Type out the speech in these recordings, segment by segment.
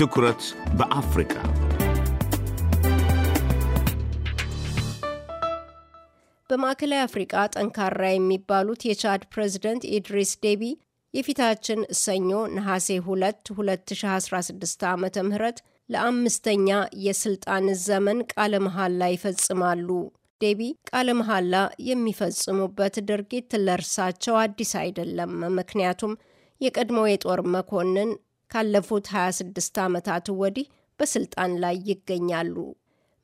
ትኩረት በአፍሪካ በማዕከላዊ አፍሪቃ ጠንካራ የሚባሉት የቻድ ፕሬዚደንት ኢድሪስ ዴቢ የፊታችን ሰኞ ነሐሴ 2 2016 ዓ ም ለአምስተኛ የስልጣን ዘመን ቃለ መሐላ ይፈጽማሉ። ዴቢ ቃለ መሐላ የሚፈጽሙበት ድርጊት ለእርሳቸው አዲስ አይደለም። ምክንያቱም የቀድሞው የጦር መኮንን ካለፉት 26 ዓመታት ወዲህ በስልጣን ላይ ይገኛሉ።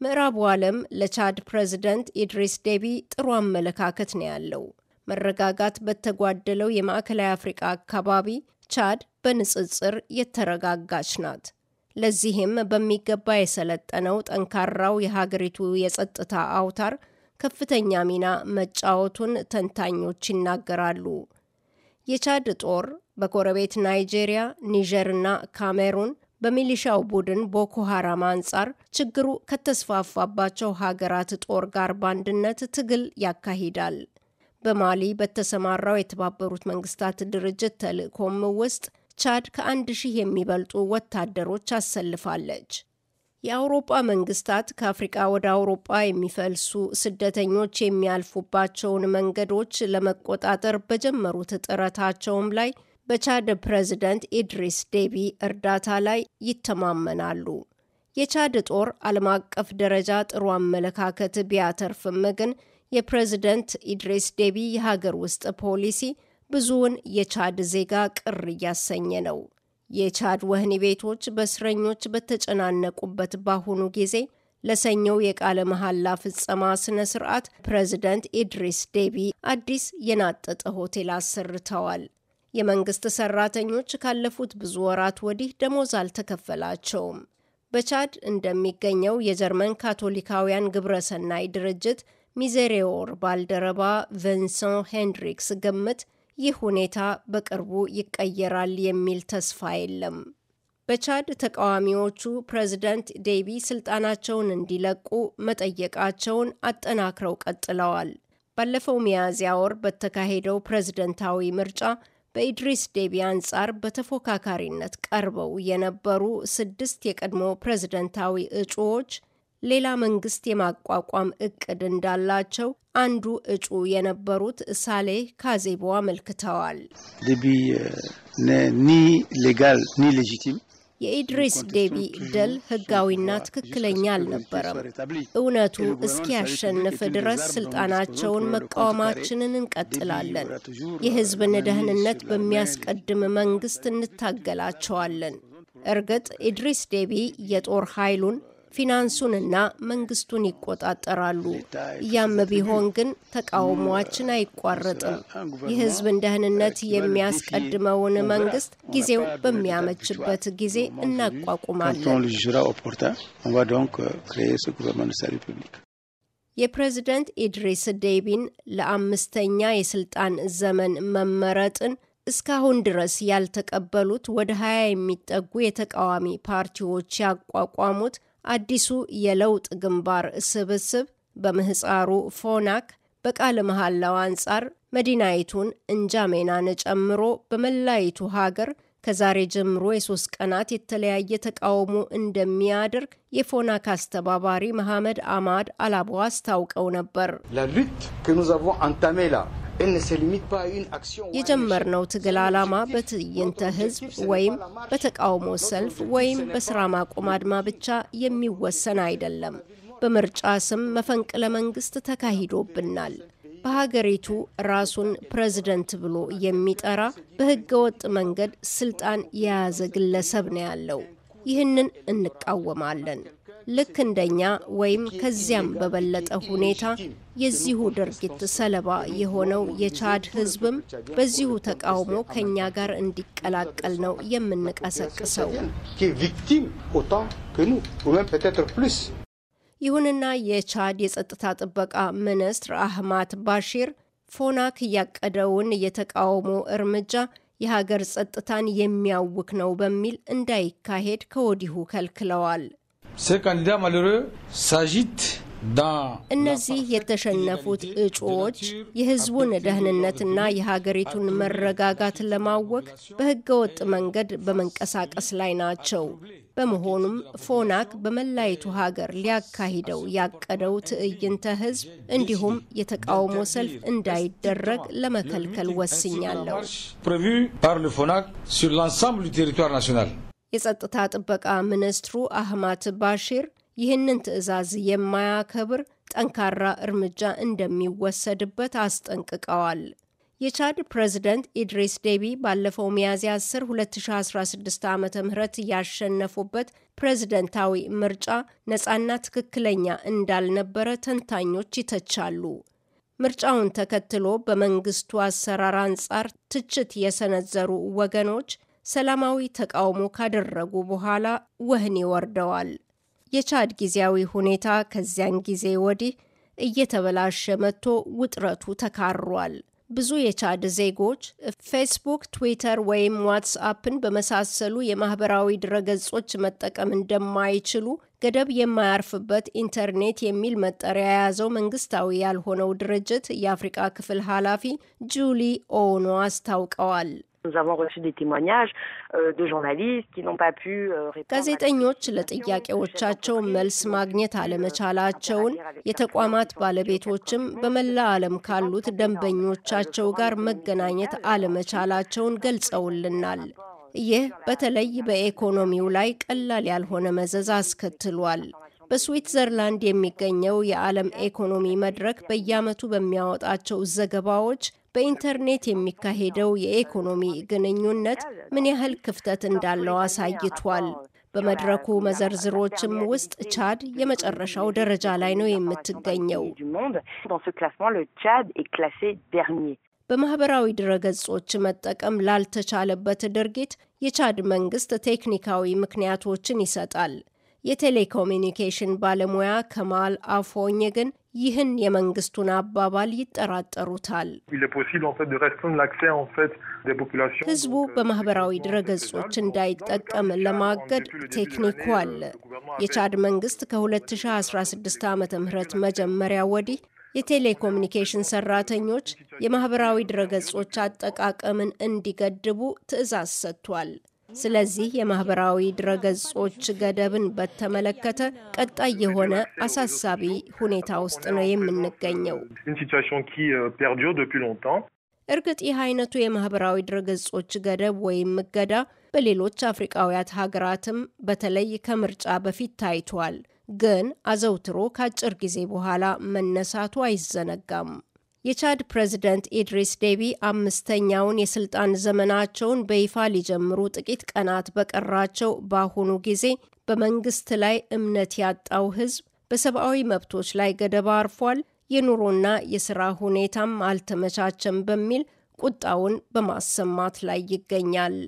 ምዕራቡ ዓለም ለቻድ ፕሬዚደንት ኢድሪስ ዴቢ ጥሩ አመለካከት ነው ያለው። መረጋጋት በተጓደለው የማዕከላዊ አፍሪቃ አካባቢ ቻድ በንጽጽር የተረጋጋች ናት። ለዚህም በሚገባ የሰለጠነው ጠንካራው የሀገሪቱ የጸጥታ አውታር ከፍተኛ ሚና መጫወቱን ተንታኞች ይናገራሉ። የቻድ ጦር በጎረቤት ናይጄሪያ፣ ኒጀርና ካሜሩን በሚሊሻው ቡድን ቦኮ ሀራም አንጻር ችግሩ ከተስፋፋባቸው ሀገራት ጦር ጋር በአንድነት ትግል ያካሂዳል። በማሊ በተሰማራው የተባበሩት መንግስታት ድርጅት ተልእኮም ውስጥ ቻድ ከአንድ ሺህ የሚበልጡ ወታደሮች አሰልፋለች። የአውሮጳ መንግስታት ከአፍሪቃ ወደ አውሮጳ የሚፈልሱ ስደተኞች የሚያልፉባቸውን መንገዶች ለመቆጣጠር በጀመሩት ጥረታቸውም ላይ በቻድ ፕሬዝደንት ኢድሪስ ዴቢ እርዳታ ላይ ይተማመናሉ። የቻድ ጦር ዓለም አቀፍ ደረጃ ጥሩ አመለካከት ቢያተርፍም ግን የፕሬዝደንት ኢድሪስ ዴቢ የሀገር ውስጥ ፖሊሲ ብዙውን የቻድ ዜጋ ቅር እያሰኘ ነው። የቻድ ወህኒ ቤቶች በእስረኞች በተጨናነቁበት ባሁኑ ጊዜ ለሰኞው የቃለ መሐላ ፍጸማ ስነ ስርዓት ፕሬዝደንት ኢድሪስ ዴቢ አዲስ የናጠጠ ሆቴል አሰርተዋል። የመንግስት ሰራተኞች ካለፉት ብዙ ወራት ወዲህ ደሞዝ አልተከፈላቸውም። በቻድ እንደሚገኘው የጀርመን ካቶሊካውያን ግብረሰናይ ድርጅት ሚዘሬዎር ባልደረባ ቬንሰን ሄንድሪክስ ግምት ይህ ሁኔታ በቅርቡ ይቀየራል የሚል ተስፋ የለም። በቻድ ተቃዋሚዎቹ ፕሬዝደንት ዴቢ ስልጣናቸውን እንዲለቁ መጠየቃቸውን አጠናክረው ቀጥለዋል። ባለፈው ሚያዝያ ወር በተካሄደው ፕሬዝደንታዊ ምርጫ በኢድሪስ ዴቢ አንጻር በተፎካካሪነት ቀርበው የነበሩ ስድስት የቀድሞ ፕሬዝደንታዊ እጩዎች ሌላ መንግስት የማቋቋም እቅድ እንዳላቸው አንዱ እጩ የነበሩት ሳሌህ ካዜቦ አመልክተዋል። ኒ ሌጋል ኒ ሌጂቲም የኢድሪስ ዴቢ ድል ህጋዊና ትክክለኛ አልነበረም። እውነቱ እስኪያሸንፍ ድረስ ስልጣናቸውን መቃወማችንን እንቀጥላለን። የህዝብን ደህንነት በሚያስቀድም መንግስት እንታገላቸዋለን። እርግጥ ኢድሪስ ዴቢ የጦር ኃይሉን ፊናንሱንና መንግስቱን ይቆጣጠራሉ። ያም ቢሆን ግን ተቃውሟችን አይቋረጥም። የህዝብን ደህንነት የሚያስቀድመውን መንግስት ጊዜው በሚያመችበት ጊዜ እናቋቁማለን። የፕሬዝደንት ኢድሪስ ዴቢን ለአምስተኛ የስልጣን ዘመን መመረጥን እስካሁን ድረስ ያልተቀበሉት ወደ ሀያ የሚጠጉ የተቃዋሚ ፓርቲዎች ያቋቋሙት አዲሱ የለውጥ ግንባር ስብስብ በምህፃሩ ፎናክ በቃለ መሐላው አንጻር መዲናይቱን እንጃሜናን ጨምሮ በመላይቱ ሀገር ከዛሬ ጀምሮ የሶስት ቀናት የተለያየ ተቃውሞ እንደሚያደርግ የፎናክ አስተባባሪ መሐመድ አማድ አላቦ አስታውቀው ነበር። የጀመርነው ትግል ዓላማ በትዕይንተ ህዝብ ወይም በተቃውሞ ሰልፍ ወይም በስራ ማቆም አድማ ብቻ የሚወሰን አይደለም። በምርጫ ስም መፈንቅለ መንግስት ተካሂዶብናል። በሀገሪቱ ራሱን ፕሬዝደንት ብሎ የሚጠራ በህገወጥ መንገድ ስልጣን የያዘ ግለሰብ ነው ያለው። ይህንን እንቃወማለን። ልክ እንደኛ ወይም ከዚያም በበለጠ ሁኔታ የዚሁ ድርጊት ሰለባ የሆነው የቻድ ህዝብም በዚሁ ተቃውሞ ከእኛ ጋር እንዲቀላቀል ነው የምንቀሰቅሰው። ይሁንና የቻድ የጸጥታ ጥበቃ ሚኒስትር አህማት ባሺር ፎናክ ያቀደውን የተቃውሞ እርምጃ የሀገር ጸጥታን የሚያውክ ነው በሚል እንዳይካሄድ ከወዲሁ ከልክለዋል። እነዚህ የተሸነፉት እጩዎች የህዝቡን ደህንነትና የሀገሪቱን መረጋጋት ለማወክ በህገወጥ መንገድ በመንቀሳቀስ ላይ ናቸው። በመሆኑም ፎናክ በመላይቱ ሀገር ሊያካሂደው ያቀደው ትዕይንተ ህዝብ እንዲሁም የተቃውሞ ሰልፍ እንዳይደረግ ለመከልከል ወስኛለሁ። የጸጥታ ጥበቃ ሚኒስትሩ አህማት ባሺር ይህንን ትዕዛዝ የማያከብር ጠንካራ እርምጃ እንደሚወሰድበት አስጠንቅቀዋል። የቻድ ፕሬዝደንት ኢድሪስ ዴቢ ባለፈው ሚያዝያ 10 2016 ዓ ም ያሸነፉበት ፕሬዝደንታዊ ምርጫ ነፃና ትክክለኛ እንዳልነበረ ተንታኞች ይተቻሉ። ምርጫውን ተከትሎ በመንግስቱ አሰራር አንጻር ትችት የሰነዘሩ ወገኖች ሰላማዊ ተቃውሞ ካደረጉ በኋላ ወህኒ ወርደዋል። የቻድ ጊዜያዊ ሁኔታ ከዚያን ጊዜ ወዲህ እየተበላሸ መጥቶ ውጥረቱ ተካሯል። ብዙ የቻድ ዜጎች ፌስቡክ፣ ትዊተር ወይም ዋትስአፕን በመሳሰሉ የማህበራዊ ድረገጾች መጠቀም እንደማይችሉ ገደብ የማያርፍበት ኢንተርኔት የሚል መጠሪያ የያዘው መንግስታዊ ያልሆነው ድርጅት የአፍሪቃ ክፍል ኃላፊ ጁሊ ኦኖ አስታውቀዋል። Nous avons reçu des témoignages euh, de journalistes qui n'ont pas pu euh, ጋዜጠኞች ለጥያቄዎቻቸው መልስ ማግኘት አለመቻላቸውን የተቋማት ባለቤቶችም በመላ ዓለም ካሉት ደንበኞቻቸው ጋር መገናኘት አለመቻላቸውን ገልጸውልናል። ይህ በተለይ በኢኮኖሚው ላይ ቀላል ያልሆነ መዘዝ አስከትሏል። በስዊትዘርላንድ የሚገኘው የዓለም ኢኮኖሚ መድረክ በየዓመቱ በሚያወጣቸው ዘገባዎች በኢንተርኔት የሚካሄደው የኢኮኖሚ ግንኙነት ምን ያህል ክፍተት እንዳለው አሳይቷል። በመድረኩ መዘርዝሮችም ውስጥ ቻድ የመጨረሻው ደረጃ ላይ ነው የምትገኘው። በማህበራዊ ድረገጾች መጠቀም ላልተቻለበት ድርጊት የቻድ መንግስት ቴክኒካዊ ምክንያቶችን ይሰጣል። የቴሌኮሚኒኬሽን ባለሙያ ከማል አፎኝ ግን ይህን የመንግስቱን አባባል ይጠራጠሩታል። ህዝቡ euh, በማህበራዊ ድረገጾች እንዳይጠቀም ለማገድ ቴክኒኩ አለ። euh, የቻድ መንግስት ከ2016 ዓ ም መጀመሪያ ወዲህ የቴሌኮሚኒኬሽን ሰራተኞች የማህበራዊ ድረገጾች አጠቃቀምን እንዲገድቡ ትዕዛዝ ሰጥቷል። ስለዚህ የማህበራዊ ድረገጾች ገደብን በተመለከተ ቀጣይ የሆነ አሳሳቢ ሁኔታ ውስጥ ነው የምንገኘው። euh, እርግጥ ይህ አይነቱ የማህበራዊ ድረገጾች ገደብ ወይም እገዳ በሌሎች አፍሪቃውያት ሀገራትም በተለይ ከምርጫ በፊት ታይቷል። ግን አዘውትሮ ከአጭር ጊዜ በኋላ መነሳቱ አይዘነጋም። የቻድ ፕሬዚደንት ኢድሪስ ዴቢ አምስተኛውን የስልጣን ዘመናቸውን በይፋ ሊጀምሩ ጥቂት ቀናት በቀራቸው በአሁኑ ጊዜ በመንግስት ላይ እምነት ያጣው ህዝብ በሰብአዊ መብቶች ላይ ገደባ አርፏል፣ የኑሮና የስራ ሁኔታም አልተመቻቸም በሚል ቁጣውን በማሰማት ላይ ይገኛል።